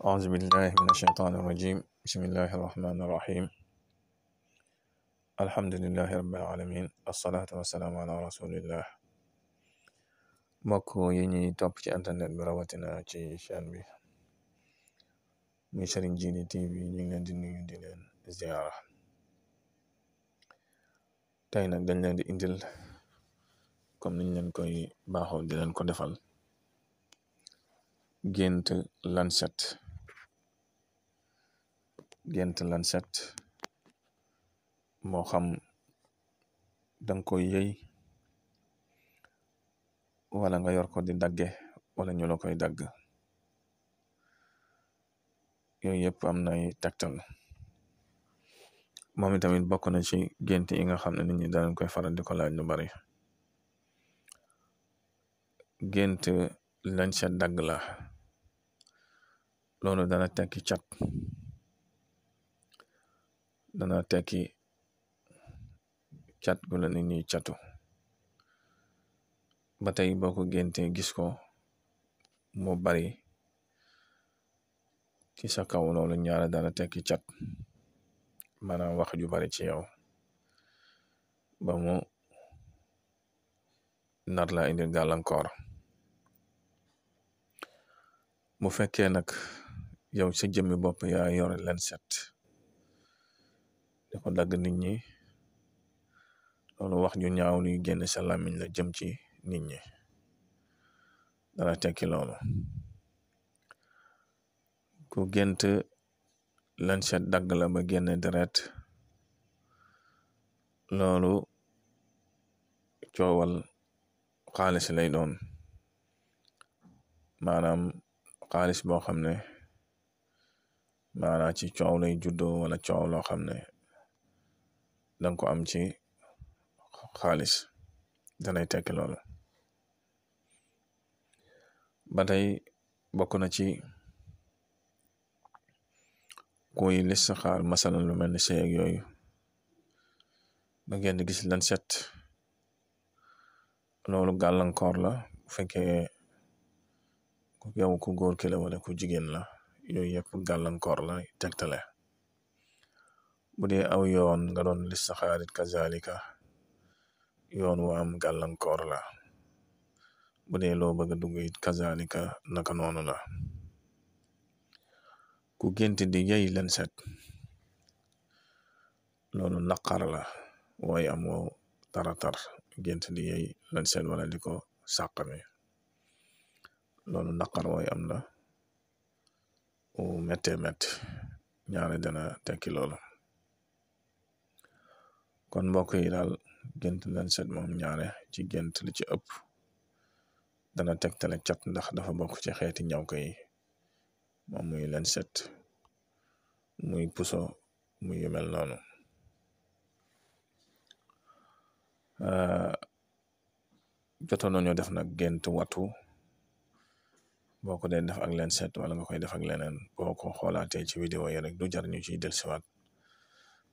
أعوذ بالله من الشيطان الرجيم بسم الله الرحمن الرحيم الحمد لله رب العالمين الصلاة والسلام على رسول الله mbokk topp ci internet bi rawatina ci chaîne bi muy Serigne Djily TV ñu ngi leen di nuyu di leen ziara tey nag dañ leen di indil comme niñ leen koy baaxoo di leen ko defal gént Lansett gent lancet moo xam danga koy yëy wala nga yor ko di dagge wala ñu koy dagg yooyu yëpp am na nay tegtal moom tamit bokk na ci gént yi nga xam ne nit ñi danañ koy faral di ko laaj lu bari gént lañ sa dagg la loolu dana tekki cat dana tekki cat gu la nit ñi catu ba tey boo ko génte gis mu bari ci sa kaw loolu ñaara dana tekki cat maanaam wax ju bari ci yow ba mu nar la indil gàllankoor mu fekkee nag yow sa jëmmi bopp yaa yore leen set di ko dagg nit ñi loolu wax ju ñaaw luy génn sa la jëm ci nit ñi dara tekki loolu ku gént lan set dagg la ba génn deret loolu coowal xaalis lay doon maanaam xaalis boo xam ne maanaa ci coow lay juddoo wala coow loo xam ne danga ko am ci xaalis danay tekki loolu ba tey bokk na ci kuy listixaar masalan lu mel ni sëy ak yooyu da ngeen di gis lan set loolu gàllankoor la bu fekkee ku yow ku góor ki wala ku jigéen la yooyu yëpp gàllankoor la tegtale bu dee aw yoon nga doon listixaarit kazalika yoon wu am gàllankoor la bu dee loo bëgg a dugg it kazalika naka noonu la ku gént di yey lanset loolu naqar la waaye amoo taratar gént di yey lanset wala di ko sàqami loolu naqar waaye am la u méttee métt ñaare dana tekki loolu kon mbokk yi daal gént len set moom ñaare ci gént li ci ëpp dana tegtale cat ndax dafa bokk ci xeeti ñaw ko yi moom muy leen set muy puso muy yu mel noonu jotoon nañoo def nag gént watu boo ko dee def ak leen set wala nga koy def ak leneen boo ko xoolaatee ci vidéo yi rek du jar ci ciy dellusiwaat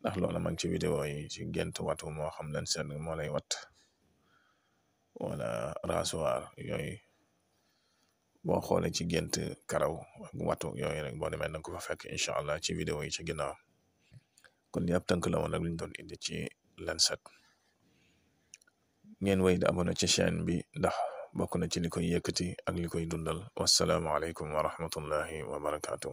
ndax loola ma ci vidéo yi ci gént watu moo xam lan seen moo lay wat wala rasoir yooyu boo xoolee ci gént karaw ak watu yooyu rek boo demee na ko fa fekk incha allah ci vidéo yi ci ginnaaw kon yàpp tënk la woon rek lu ñu doon indi ci Lancet ngeen wéy di abonné ci chaîne bi ndax bokk na ci li koy yëkkati ak li koy dundal wasalaamualeykum wa rahmatullahi wa barakaatu.